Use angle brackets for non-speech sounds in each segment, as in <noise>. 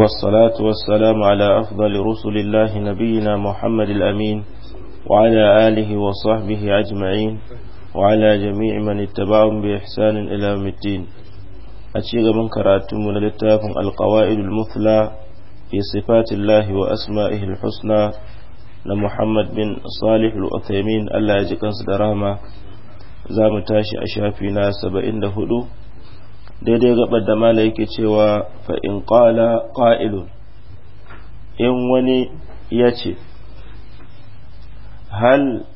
والصلاة والسلام على أفضل رسل الله نبينا محمد الأمين وعلى آله وصحبه أجمعين وعلى جميع من اتبعهم بإحسان إلى يوم الدين أشيغ من كراتم للتاف القوائد المثلى في صفات الله وأسمائه الحسنى لمحمد بن صالح الأثيمين ألا يجي صدراما درهما زام تاشي أشافينا سبعين هدو daidai gabar da mala yake cewa fa in qala in wani ya ce hal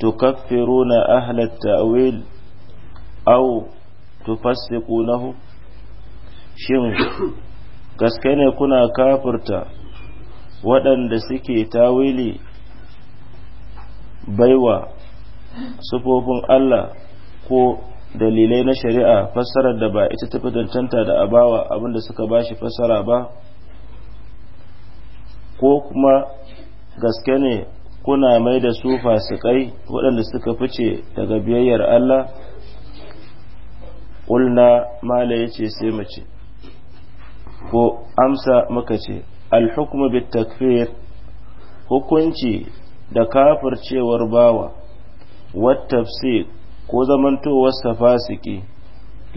tukaffiruna ahla ta'wil aw tufassiqunahu shin gaske ne kuna kafirta waɗanda suke tawili baiwa sufofin Allah ko dalilai na shari'a fassarar da ba ita tafi cancanta da abawa abinda suka ba shi fassara ba ko kuma gaske ne kuna mai da su fasikai waɗanda suka fice daga biyayyar Allah ƙulna mala ya ce sai mace ko amsa muka ce alhukuma bit takfir hukunci da kafircewar bawa wat tafsir ko zamantowarsa fasiki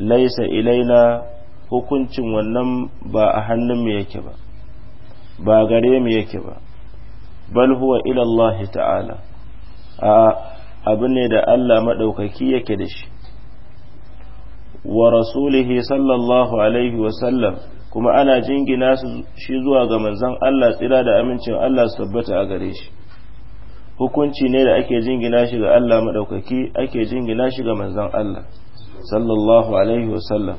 laisa ilaina hukuncin wannan ba a hannun mu yake ba ba gare mu yake ba bal huwa ila Allah ta'ala a abu ne da Allah maɗaukaki yake da shi wa rasulihi sallallahu alaihi wa sallam kuma ana jingina shi zuwa ga manzon Allah tsira da amincin Allah su tabbata a gare shi hukunci ne da ake jingina shi ga Allah maɗaukaki ake jingina shi ga manzon Allah sallallahu alaihi wasallam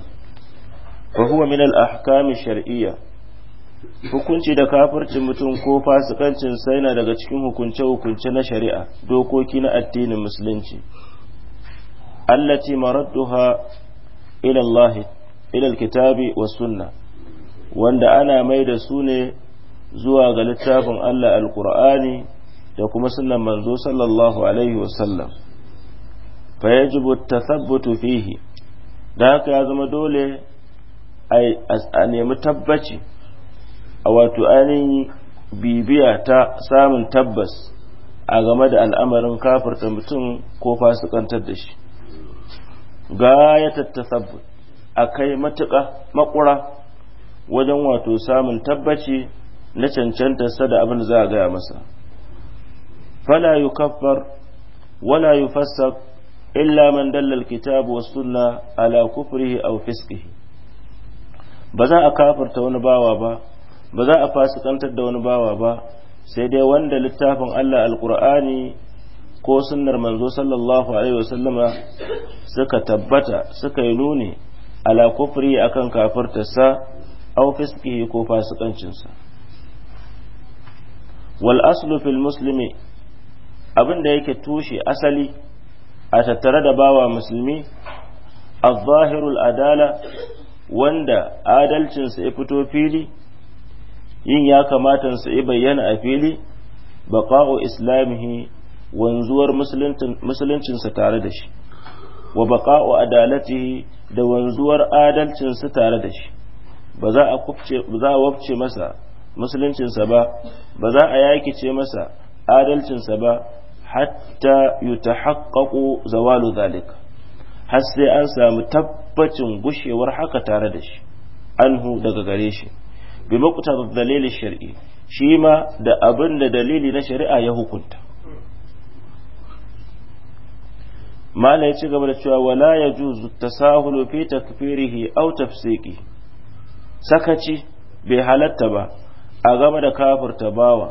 wa huwa min al-ahkam shar'iyya hukunci da kafircin mutum ko fasikancin sai na daga cikin hukunce-hukunce na shari'a dokoki na addinin musulunci allati maradduha ila Allah ila al-kitabi wa sunna wanda ana mai da su ne zuwa ga littafin Allah al da kuma sunan manzo sallallahu alaihi wasallam fa yajibu tathabbutu fihi da haka ya zama dole a nemi tabbaci a wato ainihin bibiya ta samun tabbas a game da al'amarin kafirta mutum ko fasikantar da shi gaya tattasabbut a kai matuƙa makura wajen wato samun tabbaci na cancanta da abin za a gaya masa فلا يكفر ولا يفسق إلا من دل الكتاب والسنة على كفره أو فسقه بزا أكافر تون باوابا بزا أفاسق أنت دون باوا با سيدي وند للتاف ألا القرآن ko sunnar manzo sallallahu alaihi wasallama suka tabbata suka yi nuni ala kufri akan kafirtarsa aw fiskihi ko fasikancinsa wal aslu fil muslimi abin da yake tushe asali a tattare da bawa musulmi al-zahirul adala wanda adalcinsa ya fito fili yin ya kamata su yi bayyana a fili baqa'u islamihi wanzuwar musuluncinsa tare da shi wa baqa'u adalatihi da wanzuwar adalcinsa tare da shi ba za a kufce wabce masa musuluncinsa ba ba za a yakice masa adalcinsa ba hatta yutahaqqaqu zawalu zalika har sai an samu tabbacin gushewar haka tare da shi anhu daga gare shi bi muqtada dalilin shar'i shi ma da abin da dalili na shari'a ya hukunta mala ya ci gaba da cewa wala ya juzu tasahulu fi takfirihi aw tafsiqi sakaci bai halatta ba a game da kafirta bawa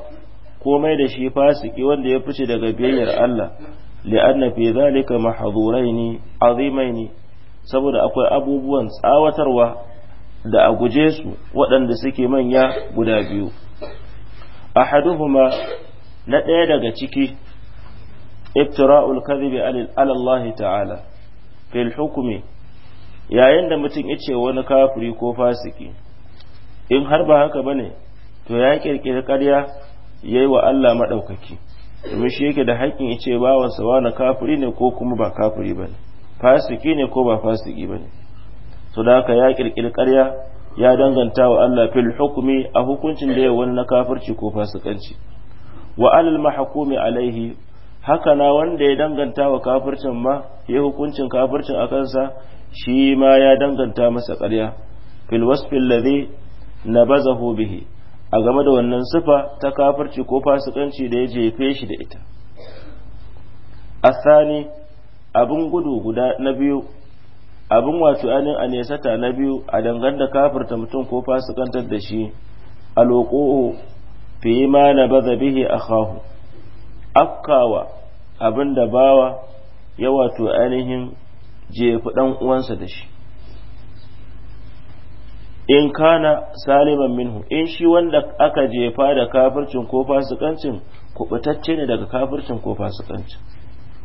komai da shi fasiki wanda ya fice daga biyayyar Allah li'anna fi zalika mahdhuraini azimaini saboda akwai abubuwan tsawatarwa da a guje su waɗanda suke manya guda biyu ahaduhuma na ɗaya daga ciki iftira'ul kadhibi ala Allah ta'ala fil hukmi yayin da mutum yace wani kafiri ko fasiki in har ba haka bane to ya kirkiri ƙarya yayi wa Allah madaukaki domin shi yake da haƙƙin ya ce bawansa wani kafiri ne ko kuma ba kafiri ba ne fasiki ne ko ba fasiki ba ne so da haka ya ƙirƙiri ƙarya ya danganta wa Allah fil hukumi a hukuncin da ya wani na kafirci ko fasikanci wa alal mahkumi alaihi haka na wanda ya danganta wa kafircin ma ya hukuncin kafircin a kansa shi ma ya danganta masa ƙarya fil wasfi ladhi nabazahu bihi a game da wannan sifa ta kafarci ko fasikanci da ya jefe shi da ita asani abin gudu guda na biyu abin wato anin a nesata na biyu a danganta kafarta mutum ko fasikantar da shi a loƙo'o fi ma na baza bihi a kahu afkawa abin da bawa ya wato ainihin jefi ɗan uwansa da shi in kana saliman minhu in shi wanda aka jefa da kafircin ko fasikancin kubutacce ne daga kafircin ko fasikancin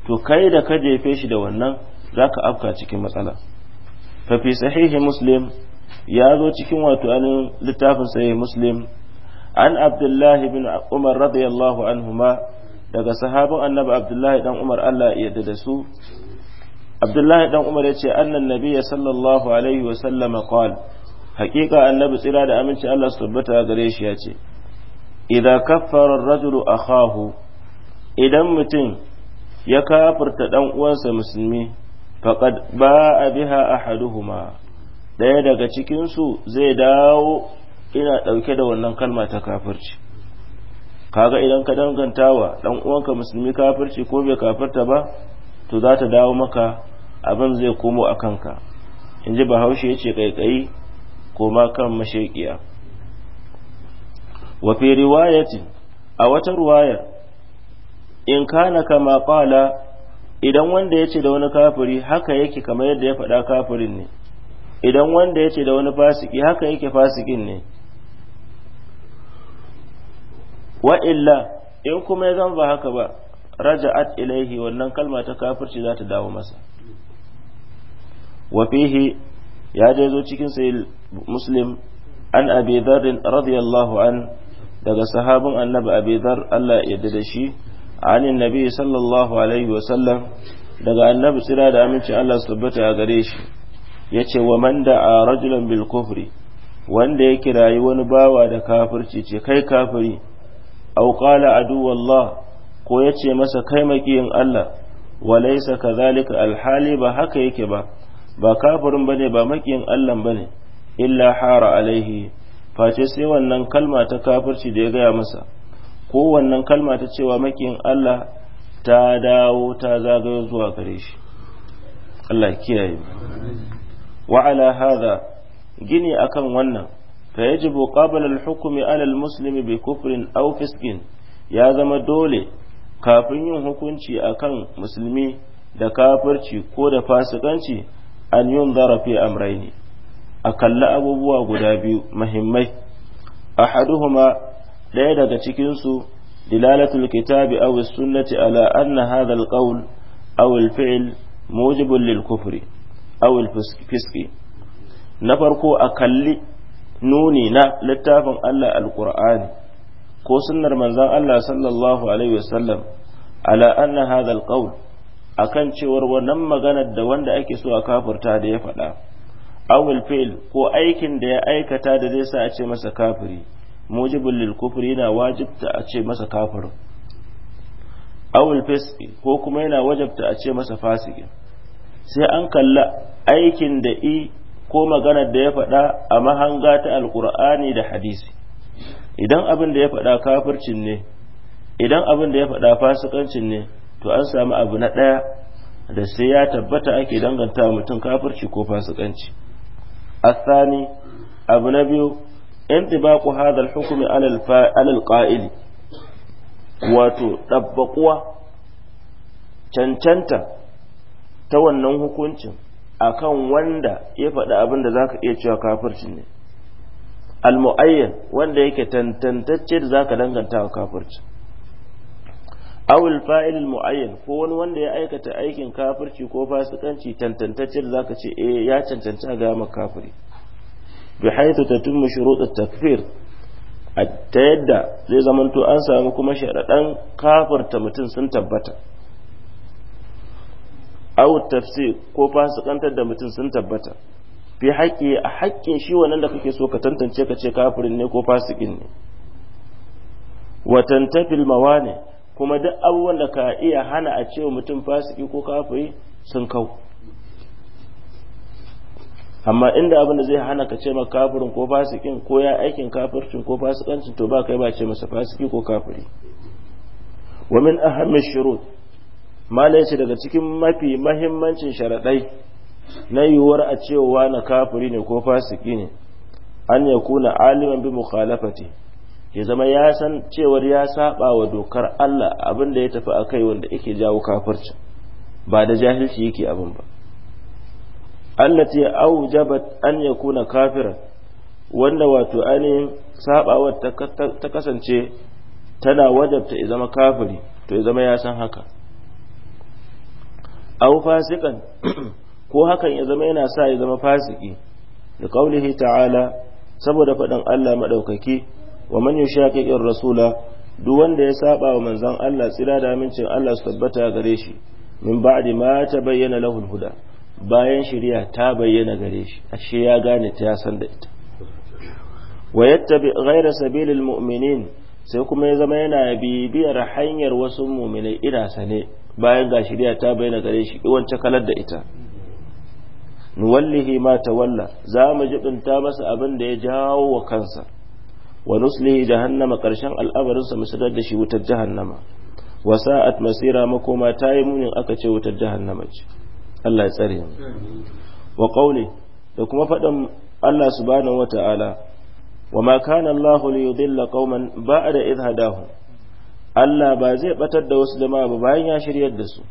to kai da ka jefe shi da wannan zaka afka cikin matsala fa fi sahihi muslim ya zo cikin wato anin littafin sahihi muslim an abdullahi bin umar radiyallahu anhuma daga sahabin annabi abdullahi dan umar Allah ya yarda da su abdullahi dan umar ya ce annan nabiyya sallallahu alaihi wa sallama qala haƙiƙa annabi tsira da aminci Allah su tabbata gare shi ya ce idan kaffara rajulu akhahu idan mutum ya kafurta dan uwansa musulmi faqad ba'a biha ahaduhuma daya daga cikin su zai dawo ina dauke da wannan kalma ta kafirci kaga idan ka dangantawa dan uwanka musulmi kafirci ko bai kafurta ba to za ta dawo maka abin zai komo a kanka in ji bahaushe ya ce kaikayi koma kan mashaƙiya wa fi riwayatin a wata ruwayar in kana kama fala idan wanda yace da wani kafiri haka yake kamar yadda ya faɗa kafirin ne idan wanda yace da wani fasiki haka yake fasikin ne wa illa in kuma ya zama ba haka ba raja'at ilaihi wannan kalma ta kafirci za ta dawo masa wa fihi ya je zo cikin sahih muslim an abi radiyallahu an daga sahabin annabi abidar Allah ya yarda da shi an nabi sallallahu alaihi wa sallam daga annabi sira da aminci Allah su tabbata a gare shi Ya ce wa man a rajulan bil kufri wanda ya kirayi wani bawa da kafirci ce kai kafiri aw qala wallah ko ya ce masa kai makiyin Allah wa laysa kadhalika alhali ba haka yake ba ba kafirin bane ba makiyin Allah bane illa hara alaihi face sai wannan kalma ta kafirci da ya gaya masa ko wannan kalma ta cewa makiyin Allah ta dawo ta zagayo zuwa gare shi Allah kiyaye wa ala hada gini akan wannan fa yajibu qabala al-hukmi ala al-muslimi bi kufrin aw fiskin ya zama dole kafin yin hukunci akan musulmi da kafirci ko da fasikanci an yunzara fi amraini a kalli abubuwa guda biyu muhimmai ahaduhuma ɗaya daga cikinsu dilalatul kitabi aw sunnati ala anna hadha alqawl aw alfi'l mujibun lil kufri aw alfiski na farko a kalli nuni na littafin Allah alqur'ani ko sunnar manzon Allah sallallahu alaihi wasallam ala anna hadha alqawl akan cewar wannan maganar da wanda ake so a kafirta da ya faɗa awil fil ko aikin da ya aikata da zai sa a ce masa kafiri mujibul lil kufri yana wajibta a ce masa kafir Awil fiski ko kuma yana wajabta a ce masa fasikin sai an kalla aikin da i ko maganar da ya faɗa a mahanga ta alkur'ani da hadisi idan abin da ya faɗa kafircin ne idan abin da ya faɗa fasikancin ne to an samu abu na ɗaya da sai ya tabbata ake danganta mutum kafirci ko fasikanci abu biyu, أبو نبي انطباق هذا الحكم على alal على wato وتطبقوا cancanta ta wannan hukuncin akan wanda ya faɗi abin da za ka iya cewa kafirci ne al-mu'ayyan wanda yake tantantacce da za ka danganta wa kafirci awul fa'il mu'ayyan ko wani wanda ya aikata aikin kafirci ko fasikanci tantantacce zaka ce eh ya cancanta ga maka kafiri bi haythu tatimmu shurut at-takfir ta yadda zai zamanto an samu kuma sharaɗan kafirta mutum sun tabbata aw tafsir ko fasikantar da mutum sun tabbata fi haƙƙi a haƙƙin shi wannan da kake so ka tantance ka ce kafirin ne ko fasikin ne wa mawani kuma duk abubuwan da ka iya hana a cewa mutum fasiki ko kafiri sun kau amma inda abin da zai hana ka ce ma kafirin ko fasikin ko ya aikin kafircin ko fasikancin to ba kai ba ce masa fasiki ko kafiri wa min ahammi shurut ma laisa daga cikin mafi mahimmancin sharaɗai na yiwuwar a cewa na kafiri ne ko fasiki ne an yakuna aliman bi mukhalafati ya zama ya san cewar ya saba wa dokar Allah abin da ya tafi a kai wanda yake jawo kafirci ba da jahilci yake abin ba allah allati aujabat an yakuna kafiran wanda wato ainihin sabawar ta kasance tana wajabta ya zama kafiri to ya zama ya san haka au fasikan <clears throat> ko hakan ya zama yana sa ya zama fasiki da kaulihi ta'ala saboda faɗin Allah maɗaukaki wa man yushaqiqir rasula duk wanda ya saba wa manzon Allah tsira da amincin Allah su tabbata gare shi min ba'di ma bayyana lahu huda bayan shari'a ta bayyana gare shi ashe ya gane ta ya san da ita wa yattabi ghayra sabilil mu'minin sai kuma ya zama yana bibiyar hanyar wasu mu'minai ina sane bayan ga shari'a ta bayyana gare shi wancan kalar da ita nuwallihi ma tawalla za mu jibinta masa abin da ya jawo wa kansa wa nusli jahannama karshen al'abarin sa misalar da shi wutar jahannama wa sa'at masira makoma tayi munin aka ce wutar jahannama ce Allah ya tsare mu wa qawli da kuma faɗin Allah subhanahu wata'ala wa ma kana Allah li yudilla qauman ba'da idh hadahum Allah ba zai batar da wasu jama'a ba bayan ya shiryar da su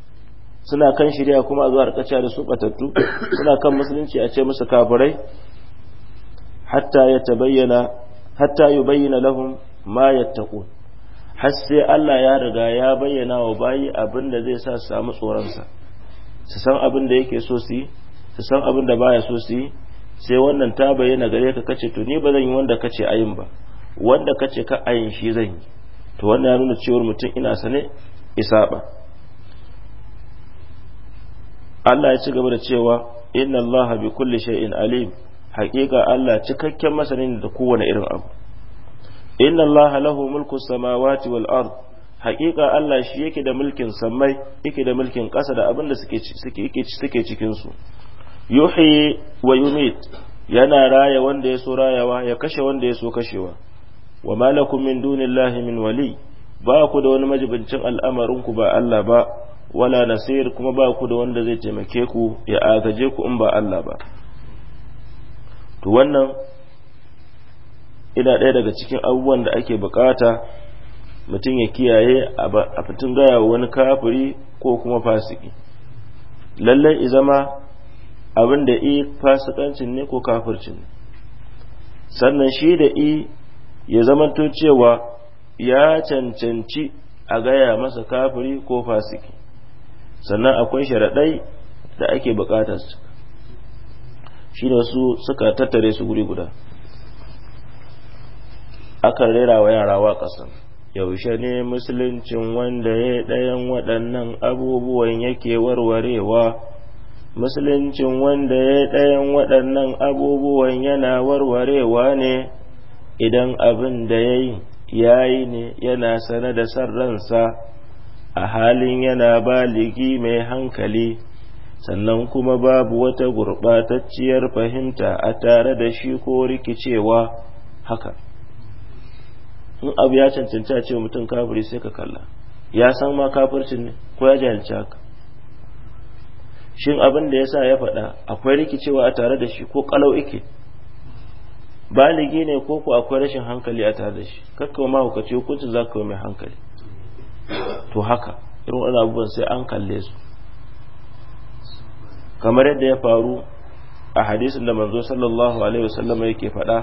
suna kan shirya kuma a zuwa rikaciya da su batattu suna kan musulunci a ce musu kafirai hatta ya tabayyana hatta yubayyana lahum ma yattaqun har sai Allah ya riga ya bayyana wa bayi abinda zai sa su samu tsoronsa su san abin da yake so su yi su san abin da baya so su yi sai wannan ta bayyana gare ka kace to ni ba zan yi wanda kace ayin ba wanda kace ka ayin shi zan yi to wannan ya nuna cewar mutum ina sane isa ba Allah ya ci gaba da cewa inna Allah bi kulli shay'in alim haƙiƙa Allah cikakken masanin da kowane irin abu inna Allah lahu mulku samawati wal ard haƙiƙa Allah shi yake da mulkin samai, yake da mulkin ƙasa da abin da suke suke suke cikin su wa yumit yana raya wanda ya so rayawa ya kashe wanda ya so kashewa wa malakum min dunillahi min wali ba ku da wani majibincin al'amarin ku ba Allah ba wala nasir kuma ba ku da wanda zai taimake ku ya agaje ku in ba Allah ba to wannan ina ɗaya daga cikin abubuwan da ake bukata mutum ya kiyaye a fitin gaya wani kafiri ko kuma fasiki lallai zama abin da i fasikancin ne ko kafircin ne sannan shi da i ya zamanto cewa ya cancanci a gaya masa kafiri ko fasiki sannan akwai sharaɗai da ake bukatarsu shine su suka tattare su guri guda akan rera wa yara waƙasan yaushe ne musuluncin wanda ya ɗayan waɗannan abubuwan yake warwarewa musuluncin wanda ya ɗayan waɗannan abubuwan yana warwarewa ne idan abin da ya yi ya yi ne yana sane da san ransa a halin yana baligi mai hankali sannan kuma babu wata gurɓatacciyar fahimta a tare da shi ko rikicewa haka in abu ya cancanci a ce mutum kafiri sai ka kalla ya san ma kafircin ne ko ya jahilci haka shin abin da ya sa ya faɗa akwai rikicewa a tare da shi ko ƙalau ike baligi ne ko ko akwai rashin hankali a tare da shi ma mahaukaci hukuncin za ka mai hankali to haka irin wani abubuwan sai an kalle su kamar yadda ya faru a hadisin da manzo sallallahu alaihi wasallam yake faɗa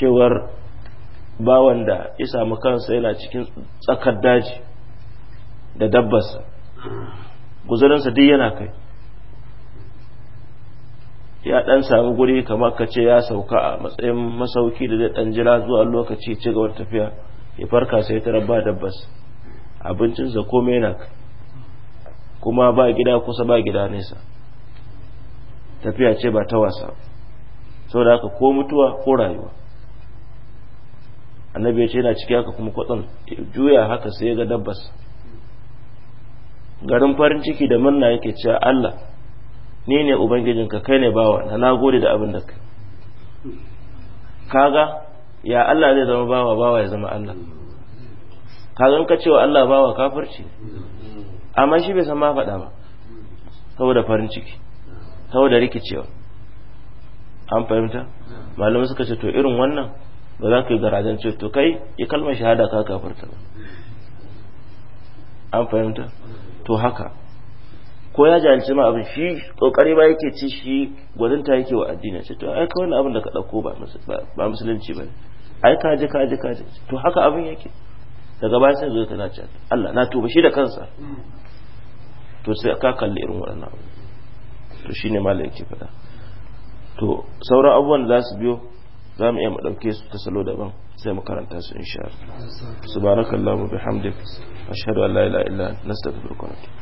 cewar bawan da ya samu kansa yana cikin tsakar daji da dabbarsa guzurinsa duk yana kai ya ɗan samu guri kamar ka ce ya sauka a matsayin masauki da zai dan jira zuwa lokaci ci gaba tafiya ya farka sai ta rabba dabbas abincinsa komai yana kai kuma ba gida kusa ba gida nesa tafiya ce ba ta wasa sau da haka ko mutuwa ko rayuwa annabi ya ce yana ciki haka kuma kwatsam juya haka sai ga dabbas garin farin ciki da manna yake cewa Allah ni ne ubangijinka kai ne bawa na nagode da abin da kai kaga ya Allah zai zama bawa bawa ya zama Allah kaga in ka cewa Allah bawa kafirci amma shi bai san ma faɗa ba saboda farin ciki saboda rikicewa an fahimta malamai suka ce to irin wannan ba za ka yi garajen ce to kai ya kalmar shahada ka kafarta ba an fahimta to haka ko ya jahilci ma abin shi kokari ba yake ci shi gwaninta yake wa addini ce to ai kawai abin da ka dauko ba ba musulunci ba ai ka je ka je ka je to haka abin yake daga bayan sai zo ta ce Allah na tuba shi da kansa to sai ka kalli irin waɗannan abu to shine malam yake faɗa to sauran abubuwan da za su biyo za mu iya mu ɗauke su ta salo daban sai mu karanta su insha Allah subhanakallahu bihamdik ashhadu an la ilaha illa anta astaghfiruka wa atubu